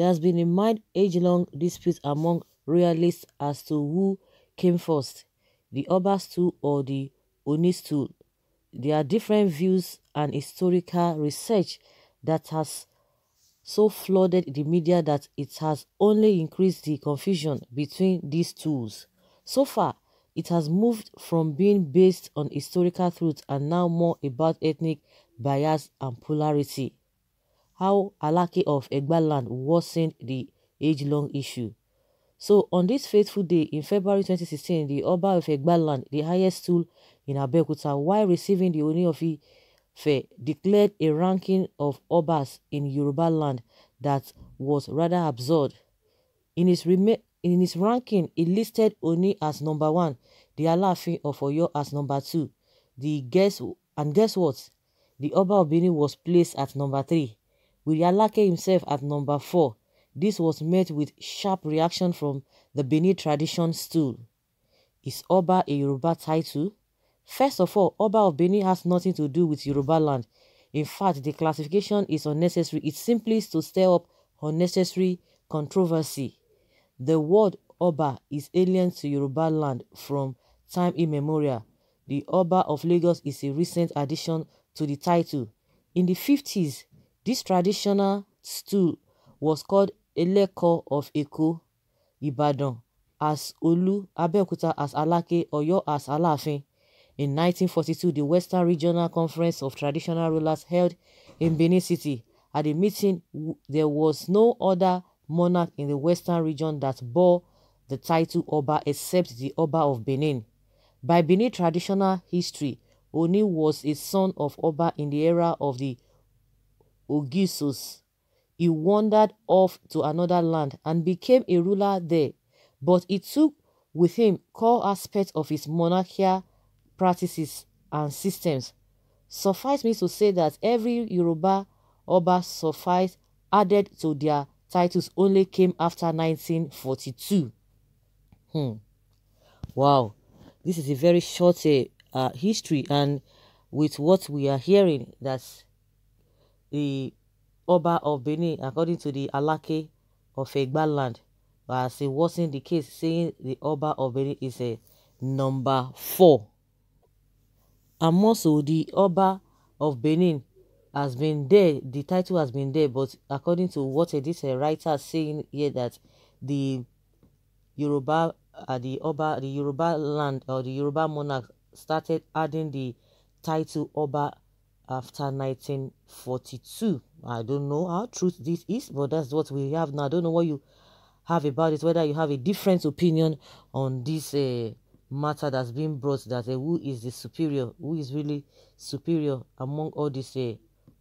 There has been a mind age long dispute among royalists as to who came first, the Ọba's stool or the Oni's stool. There are different views and historical research that has so flooded the media that it has only increased the confusion between these tools. So far, it has moved from being based on historical truth and now more about ethnic bias and polarity how Alaki of Egbaland worsened the age-long issue. So on this fateful day in February 2016, the Oba of Egbaland, the highest stool in Abeokuta, while receiving the Oni of Ife, declared a ranking of Obas in Yoruba land that was rather absurd. In his, in his ranking, he listed Oni as number one, the Alaafin of Oyo as number two. The guess and guess what? The Oba of Benin was placed at number three with himself at number 4. This was met with sharp reaction from the Benin tradition stool. Is Oba a Yoruba title? First of all, Oba of Benin has nothing to do with Yoruba land. In fact, the classification is unnecessary. It simply is to stir up unnecessary controversy. The word Oba is alien to Yoruba land from time immemorial. The Oba of Lagos is a recent addition to the title. In the 50s, this traditional stool was called “Eleko” of Èkó (Ibadan as “Olu”, Abeokuta as “Alake”, Oyo as Alafin. In 1942, the Western Regional Conference of Traditional Rulers held in Benin City, at the meeting there was no other monarch in the Western region that bore the title Oba except the Oba of Benin. By Benin traditional history, Oni was a son of Oba in the era of the Ogisus. He wandered off to another land and became a ruler there, but he took with him core aspects of his monarchy practices and systems. Suffice me to say that every Yoruba Oba suffice added to their titles only came after 1942. Hmm. Wow, this is a very short uh, uh, history, and with what we are hearing, that's the Oba of Benin, according to the Alake of Egba land, as it wasn't the case, saying the Oba of Benin is a number four. And also, the Oba of Benin has been there, the title has been there, but according to what this writer saying here that the Yoruba, uh, the Oba, the Yoruba land or the Yoruba monarch started adding the title Oba after 1942. I don't know how true this is, but that's what we have now. I don't know what you have about it, whether you have a different opinion on this uh, matter that's being brought that uh, who is the superior, who is really superior among all this? uh,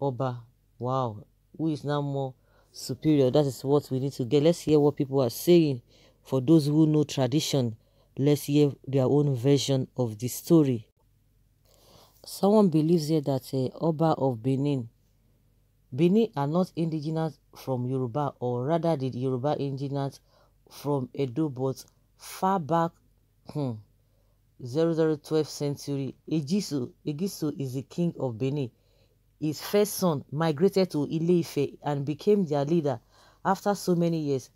Oba. Wow, who is now more superior? That is what we need to get. Let's hear what people are saying. For those who know tradition, let's hear their own version of the story someone believes here that uh, Oba of Benin, Benin are not indigenous from Yoruba, or rather the Yoruba indigenous from Edo, but far back, 0012th hmm, century, Egisu Egisu is the king of Benin. His first son migrated to ile and became their leader after so many years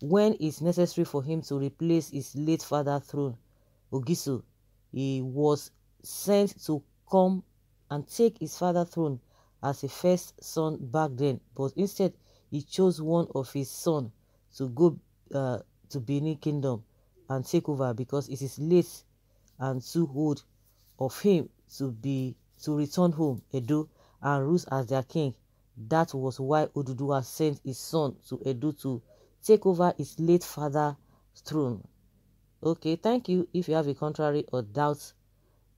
when it's necessary for him to replace his late father's throne. Ogisu, he was sent to come and take his father's throne as a first son back then, but instead he chose one of his sons to go uh, to Benin Kingdom and take over because it is late and too old of him to be to return home, Edo, and rule as their king. That was why Oduduwa sent his son to Edo to take over his late father's throne. Okay, thank you. If you have a contrary or doubt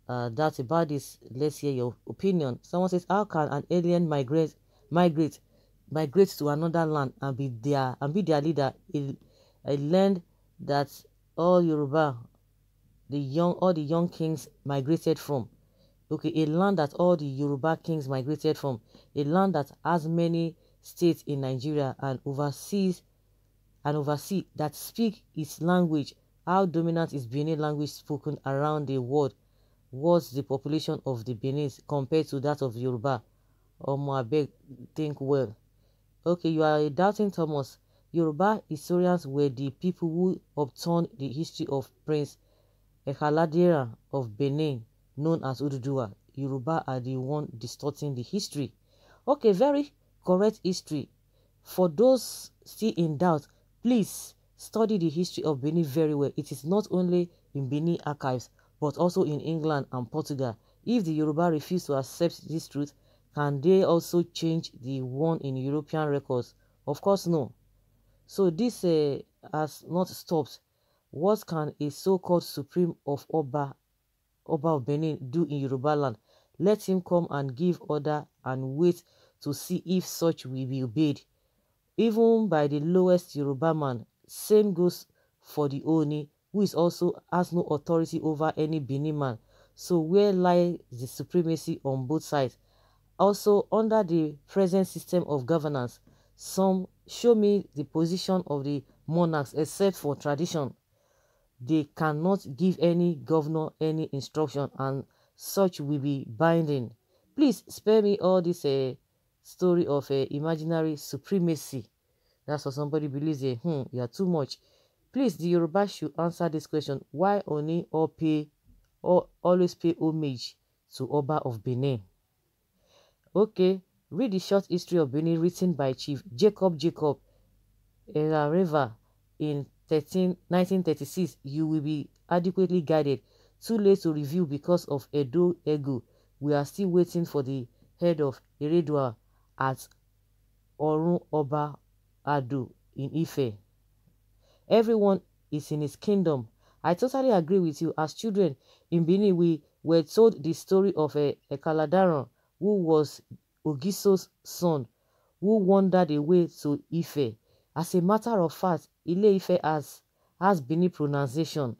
uh, that about this. Let's hear your opinion. Someone says, how can an alien migrate migrate migrate to another land and be there and be their leader? It, I learned that all Yoruba, the young all the young kings migrated from. Okay, a land that all the Yoruba kings migrated from, a land that has many states in Nigeria and overseas and oversee that speak its language. How dominant is Benin language spoken around the world? what's the population of the Benin compared to that of Yoruba? Omo Abeg, think well. Okay, you are doubting Thomas. Yoruba historians were the people who obtained the history of Prince Ekaladera of Benin, known as Ududua. Yoruba are the one distorting the history. Okay, very correct history. For those still in doubt, please study the history of Benin very well. It is not only in Benin archives, but also in England and Portugal. If the Yoruba refuse to accept this truth, can they also change the one in European records? Of course, no. So this uh, has not stopped. What can a so-called supreme of Oba, Oba of Benin do in Yoruba land? Let him come and give order and wait to see if such will be obeyed. Even by the lowest Yoruba man, same goes for the Oni, who is also has no authority over any Benin man. So where lies the supremacy on both sides? Also, under the present system of governance, some show me the position of the monarchs except for tradition. They cannot give any governor any instruction and such will be binding. Please spare me all this uh, story of uh, imaginary supremacy. That's what somebody believes. Eh, hmm, you are too much. Please, the Yoruba should answer this question. Why only or pay, or always pay homage to Oba of Benin? Okay, read the short history of Benin written by Chief Jacob Jacob Erareva in 1936. You will be adequately guided. Too late to review because of Edo Ego. We are still waiting for the head of Eredua at Orun Oba Ado in Ife. Everyone is in his kingdom. I totally agree with you. As children in Benin, we were told the story of a, eh, a Kaladaron who was Ogiso's son, who wandered away to Ife. As a matter of fact, Ile Ife has, has Benin pronunciation.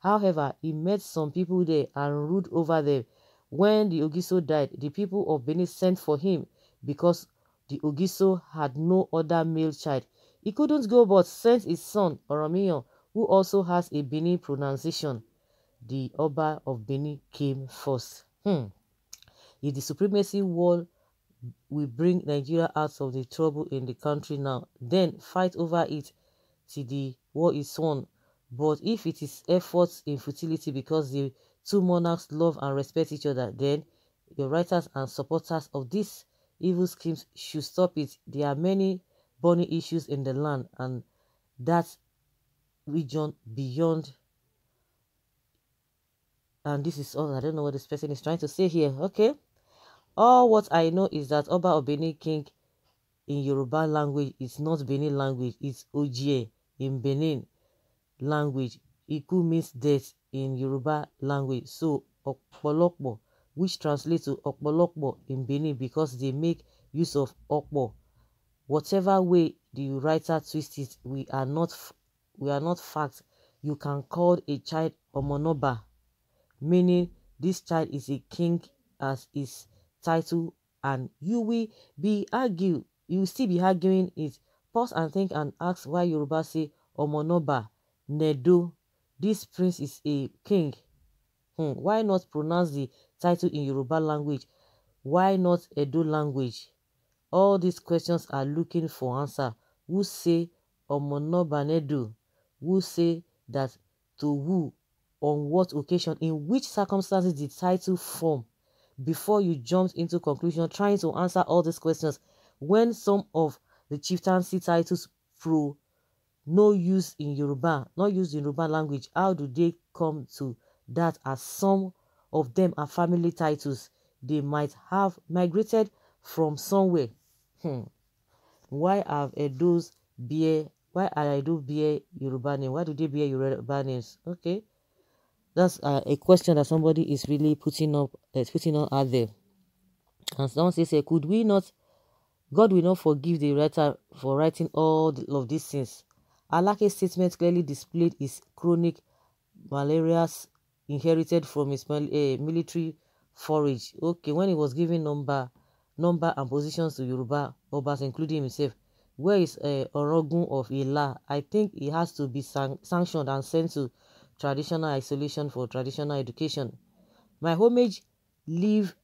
However, he met some people there and ruled over them. When the Ogiso died, the people of Benin sent for him because the Ogiso had no other male child. He couldn't go but sent his son, Oromio, who also has a Benin pronunciation. The Oba of Benin came first. Hmm. If the supremacy wall will bring Nigeria out of the trouble in the country now, then fight over it till the war is won. But if it is efforts in futility because the two monarchs love and respect each other, then your writers and supporters of these evil schemes should stop it. There are many burning issues in the land and that region beyond. And this is all. I don't know what this person is trying to say here. Okay. All what I know is that Oba Obini King in Yoruba language is not Benin language, it's Ojie in Benin language. Iku means death in Yoruba language. So Okpolokbo, which translates to Okpolokbo in Benin because they make use of Okpo Whatever way the writer twists it, we are not we are not fact. You can call a child Omonoba, meaning this child is a king as his title, and you will be argue. You will still be arguing it. Pause and think and ask why Yoruba say Omonoba, Nedo. This prince is a king. Hmm, why not pronounce the title in Yoruba language? Why not Edo language? All these questions are looking for answer. who say omoloba ni who say that to who, on what occasion, in which circumstances the title form? Before you jump into conclusion, trying to answer all these questions when some of the chieftaincy titles pro no use in Yoruba language, how do they come to that as some of them are family titles? They might have migrated from somewhere. Hmm. Why have Edo's beer? Why are Edo beer Yoruba name? Why do they bear Yoruba names? Okay, that's uh, a question that somebody is really putting up, uh, putting on out there. And someone says, uh, could we not? God will not forgive the writer for writing all the, of these things. Alake's statement clearly displayed his chronic malaria inherited from his uh, military forage. Okay, when he was given number number and positions to Yoruba Obas, including himself. Where is uh, Orogun of Ila? I think he has to be san sanctioned and sent to traditional isolation for traditional education. My homage, leave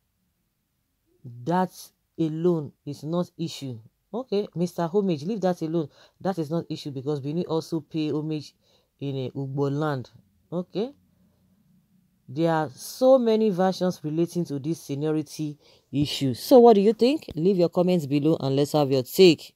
that alone is not issue. Okay, Mr. Homage, leave that alone. That is not issue because Benin also pay homage in a eh, Ugbo land. Okay. There are so many versions relating to this seniority issue. So what do you think? Leave your comments below and let's have your take.